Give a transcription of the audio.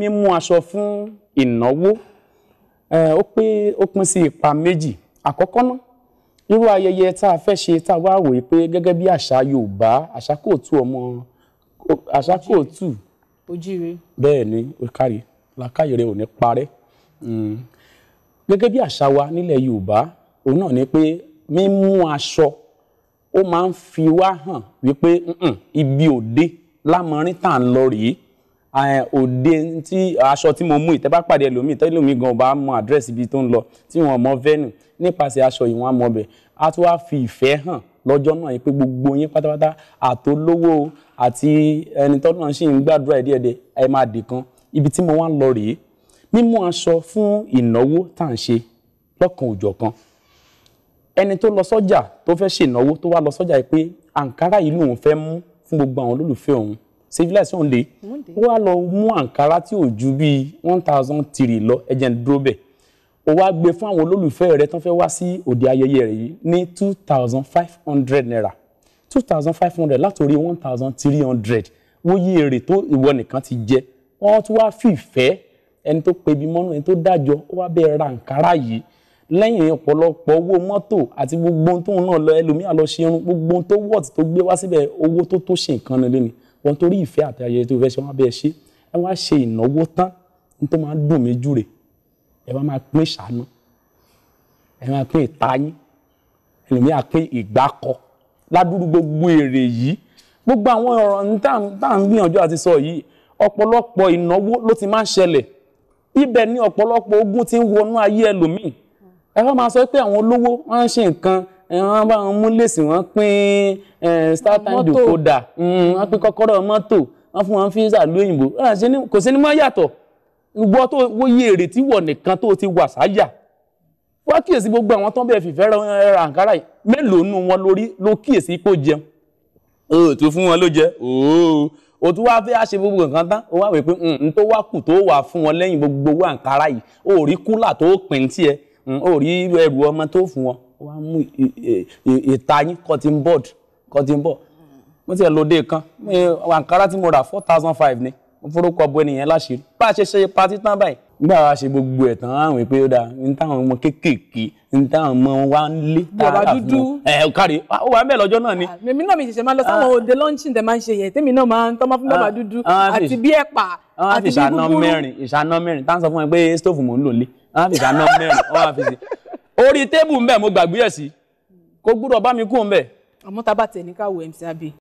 mímú aṣọ fún ìnáwó ó pé ó pín sí ipa méjì àkọ́kọ́ náà irú ayẹyẹ tá a fẹ́ ṣe tá a wá wòye pé gẹ́gẹ́ bí àṣà Yorùbá àṣà kò tú ọmọ àṣà kò tú ojíire bẹ́ẹ̀ ni kárí làkàyè rẹ ò ní parẹ́ hmm. gẹ́gẹ́ bí àṣà wa nílẹ̀ Yorùbá òun náà ni pé mímú aṣọ ó máa ń fi wá hàn wípé ibi òde lámọrin tá à ń lọ rèé òde tí aṣọ tí mo mú ìtẹ́ bá pàdé ẹlòmíì tẹ́lòmíì gan ọba mọ àdírẹ́sì ibi tó ń lọ tí wọ́n mọ venue nípasẹ̀ aṣọ yìí wọ́n á mọ bẹ̀ á tún wá fi ìfẹ́ hàn lọ́jọ́ náà yìí pé gbogbo yín pátápátá àtolówó àti ẹni tọ́ náà ṣì ń gbàdúrà ẹ̀ díẹ̀díẹ̀ ẹ máa dì kan ibi tí mo wá ń lọ rèé mímú aṣọ fún ìnáwó tá à ń ṣe lọ́kan òjọ̀ kan ẹni tó lọ sọ́jà tó fẹ́ ṣènáwó tó wá lọ sọ́jà yìí pé àǹkárá yìí lòun fẹ́ mú fún gbogbo àwọn olólùfẹ́ òun civilisation one day ó wá lọ mú àǹkárá tí ò ju bíi one thousand three lọ ẹ̀jẹ̀ ń dúró bẹ̀ ó wá gbé fún àwọn olólùfẹ́ rẹ̀ tán fẹ́ wá sí òde ayẹyẹ rẹ̀ yìí ní two thousand five hundred naira two thousand five hundred látòrí one thousand three hundred wọ́n yí èrè tó ìwọ nìkan ti jẹ wọ́n tún wá fìfẹ́ ẹni tó pebi mọ́nú ẹni tó dájọ́ ó wá bẹ́ẹ̀ ra àǹkárá yìí lẹ́yìn ọ̀pọ̀lọpọ̀ owó mọ́tò àti gbogbo ohun tóun náà lọ ẹlòmíà lọ ṣerun gbogbo ohun tó wọ̀tì tó gbé wá síbẹ̀ owó tó tó ṣe nǹkan nílé ni wọn torí ìfẹ́ àti ayẹyẹ tó fẹ́ ṣe wọn bẹ́ẹ̀ ṣe ẹ wá ṣe ìnáwó tán ní tó máa ń dùn mí jù rè ẹ wá máa pín ìṣàánú ẹ máa pín ìtayín ẹlòmíà pín ìgbákọ ládùúgbò gbogbo èrè yìí gbogbo àwọn ọ̀rọ̀ ní tá à ń gbìyànjú àti sọ yìí ọ̀pọ̀lọpọ̀ ìnáwó ló ti máa ń ṣẹlẹ̀ ibẹ̀ ni ọ̀pọ̀lọpọ̀ ogun ti ń wọnú ayé ẹlòmíì ẹ wá máa sọ pé àwọn olówó wọn ń ṣe nǹkan wọ́n bá wọn mú lèsì wọ́n pín star time hmm, wọ́n pín kọ́kọ́rọ́ mọ́tò wọ́n fún wọn fíìsà ló òyìnbó kò sí ní mọ́ yàtọ̀ gbọ́ tó wóye èrè tí wọ̀ nìkan tó ti wà sáyà wá kíyèsí gbogbo àwọn tó ń bẹ̀rẹ̀ fìfẹ́ ra àǹkárá yìí mélòó nù wọn lórí ló kíyèsí kó jẹun o tó fún wọn ló jẹ ooo o tún wá fẹ́ àṣe gbogbo nǹkan tán o wá wí pé hmm, n tó wá kù tó wà fún wọn lẹ́yìn gbogbo àǹkárá yìí o rí kúlà tó pín tiẹ̀ hmm, o rí ẹrù ọmọ tó fún wọn ó wá mú ìtayín cotton board cotton board mo ti ẹ̀ lóde kan àǹkárá tí mo rà four thousand five ni mo forúkọ bo ẹnìyẹn láṣìírí bá a ṣe ṣe patí tán báyìí nígbà wa ṣe gbogbo ẹ̀ tán àwọn pé ó dáa ní táwọn ọmọ kéékèèké ní táwọn ọmọ wa ń lé tààrà fún un ẹ ò kárí ó wà ń bẹ̀ lọ́jọ́ náà ni. mèmi ah, náà mi ṣẹ̀ṣẹ̀ máa lọ sáwọn ah. òde lọ́ńṣìn tẹ̀ máa ń ṣe yẹn tèmi náà máa ń tọ́ máa fún bàbá ah, dúdú àti bí ẹ̀pà àti bí búburú. ìṣáná mẹ́rin ìṣáná mẹ́rin táwọn sọ fún mi pé stóòfù mò ń lò lé wọ́n á fi ìṣáná mẹ́rin wọ́n á fi ṣe orí tébù ń bẹ̀ mo gbàgbé ẹ̀ sí kó gbúdọ̀ bá mi kú ń bẹ̀. àmọ́ tá a bá tẹ̀ ní káwọ́ MC Abbey